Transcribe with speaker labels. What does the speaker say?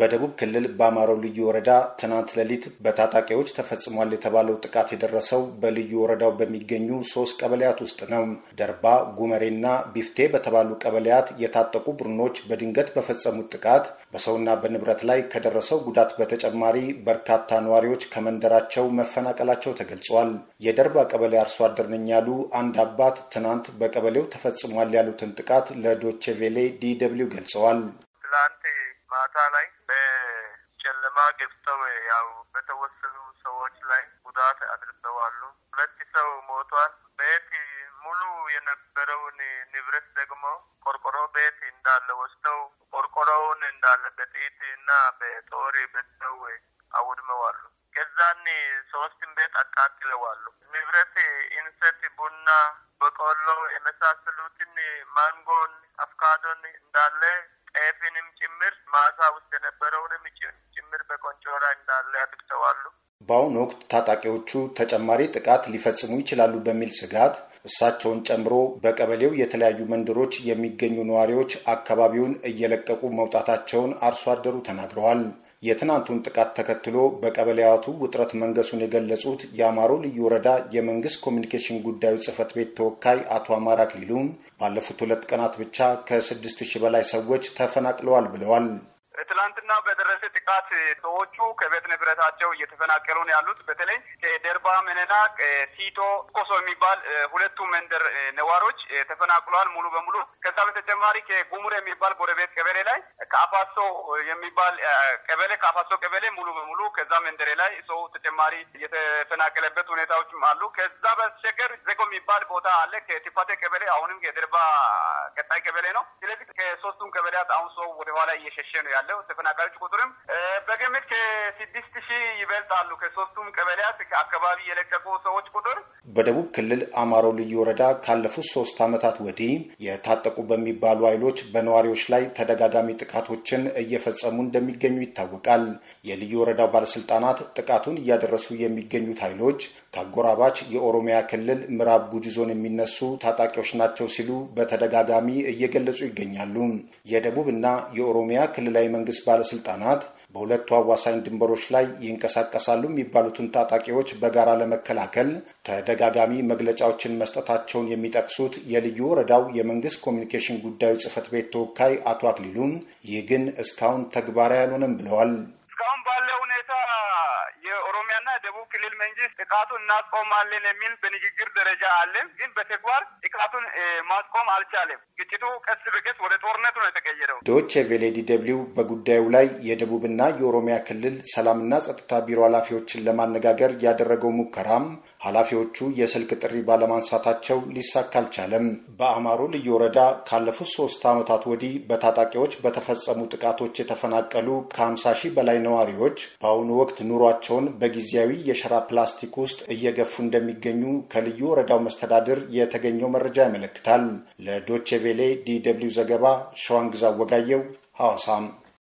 Speaker 1: በደቡብ ክልል በአማራው ልዩ ወረዳ ትናንት ሌሊት በታጣቂዎች ተፈጽሟል የተባለው ጥቃት የደረሰው በልዩ ወረዳው በሚገኙ ሶስት ቀበሌያት ውስጥ ነው። ደርባ፣ ጉመሬና ቢፍቴ በተባሉ ቀበሌያት የታጠቁ ቡድኖች በድንገት በፈጸሙት ጥቃት በሰውና በንብረት ላይ ከደረሰው ጉዳት በተጨማሪ በርካታ ነዋሪዎች ከመንደራቸው መፈናቀላቸው ተገልጿል። የደርባ ቀበሌ አርሶ አደር ነኝ ያሉ አንድ አባት ትናንት በቀበሌው ተፈጽሟል ያሉትን ጥቃት ለዶቼ ቬሌ ዲ ደብልዩ ገልጸዋል። ትላንት
Speaker 2: ማታ ላይ አበባ ገብተው ያው በተወሰኑ ሰዎች ላይ ጉዳት አድርሰዋሉ። ሁለት ሰው ሞቷል። ቤት ሙሉ የነበረውን ንብረት ደግሞ ቆርቆሮ ቤት እንዳለ ወስደው ቆርቆሮውን እንዳለ በጥይት እና በጦር በተው አውድመዋሉ። ከዛን ሶስትን ቤት አቃጥለዋሉ። ንብረት ኢንሰት፣ ቡና፣ በቆሎ የመሳሰሉትን ማንጎን፣ አፍካዶን እንዳለ ጤፍንም ጭምር
Speaker 1: ማሳ ውስጥ የነበረውንም ጭምር በአሁኑ ወቅት ታጣቂዎቹ ተጨማሪ ጥቃት ሊፈጽሙ ይችላሉ በሚል ስጋት እሳቸውን ጨምሮ በቀበሌው የተለያዩ መንደሮች የሚገኙ ነዋሪዎች አካባቢውን እየለቀቁ መውጣታቸውን አርሶ አደሩ ተናግረዋል። የትናንቱን ጥቃት ተከትሎ በቀበሌያቱ ውጥረት መንገሱን የገለጹት የአማሮ ልዩ ወረዳ የመንግስት ኮሚኒኬሽን ጉዳዮች ጽህፈት ቤት ተወካይ አቶ አማራ አክሊሉም ባለፉት ሁለት ቀናት ብቻ ከስድስት ሺህ በላይ ሰዎች ተፈናቅለዋል ብለዋል። ትላንትና በደረሰ ጥቃት ሰዎቹ ከቤት
Speaker 3: ንብረታቸው እየተፈናቀሉ ነው ያሉት። በተለይ ከደርባ መነና ሲቶ ኮሶ የሚባል ሁለቱ መንደር ነዋሪዎች ተፈናቅሏል ሙሉ በሙሉ። ከዛ በተጨማሪ ከጉሙር የሚባል ጎረቤት ቀበሌ ላይ ከአፋሶ የሚባል ቀበሌ ከአፋሶ ቀበሌ ሙሉ በሙሉ ከዛ መንደሬ ላይ ሰው ተጨማሪ የተፈናቀለበት ሁኔታዎችም አሉ። ከዛ በስተቀር ዘጎ የሚባል ቦታ አለ ከቲፋቴ ቀበሌ አሁንም ከደርባ ቀጣይ ቀበሌ ነው። ስለዚህ ከሶስቱም ቀበሌያት አሁን ሰው ወደኋላ እየሸሸ ነው ያለ ያለው። ተፈናቃዮች ቁጥርም በግምት ከስድስት ሺህ ይበልጣሉ።
Speaker 1: ከሶስቱም ቀበሌያት አካባቢ የለቀቁ ሰዎች ቁጥር በደቡብ ክልል አማሮ ልዩ ወረዳ ካለፉት ሶስት ዓመታት ወዲህ የታጠቁ በሚባሉ ኃይሎች በነዋሪዎች ላይ ተደጋጋሚ ጥቃቶችን እየፈጸሙ እንደሚገኙ ይታወቃል። የልዩ ወረዳው ባለስልጣናት ጥቃቱን እያደረሱ የሚገኙት ኃይሎች ከአጎራባች የኦሮሚያ ክልል ምዕራብ ጉጂ ዞን የሚነሱ ታጣቂዎች ናቸው ሲሉ በተደጋጋሚ እየገለጹ ይገኛሉ። የደቡብ እና የኦሮሚያ ክልላዊ መንግስት ባለስልጣናት በሁለቱ አዋሳኝ ድንበሮች ላይ ይንቀሳቀሳሉ የሚባሉትን ታጣቂዎች በጋራ ለመከላከል ተደጋጋሚ መግለጫዎችን መስጠታቸውን የሚጠቅሱት የልዩ ወረዳው የመንግስት ኮሚኒኬሽን ጉዳዮች ጽህፈት ቤት ተወካይ አቶ አክሊሉም ይህ ግን እስካሁን ተግባራዊ አልሆነም ብለዋል። ጥቃቱን እናስቆማለን የሚል በንግግር ደረጃ አለ። ግን በተግባር ጥቃቱን ማስቆም አልቻለም። ግጭቱ ቀስ በቀስ ወደ ጦርነቱ ነው የተቀየረው። ዶች ቬሌ ዲ በጉዳዩ ላይ የደቡብና የኦሮሚያ ክልል ሰላምና ጸጥታ ቢሮ ኃላፊዎችን ለማነጋገር ያደረገው ሙከራም ኃላፊዎቹ የስልክ ጥሪ ባለማንሳታቸው ሊሳካ አልቻለም። በአማሮ ልዩ ወረዳ ካለፉት ሶስት ዓመታት ወዲህ በታጣቂዎች በተፈጸሙ ጥቃቶች የተፈናቀሉ ከ50 ሺህ በላይ ነዋሪዎች በአሁኑ ወቅት ኑሯቸውን በጊዜያዊ የሸራ ፕላስቲክ ውስጥ እየገፉ እንደሚገኙ ከልዩ ወረዳው መስተዳድር የተገኘው መረጃ ያመለክታል። ለዶቼ ቬሌ ዲ ደብልዩ ዘገባ ሸዋንግዛ ወጋየው ሐዋሳም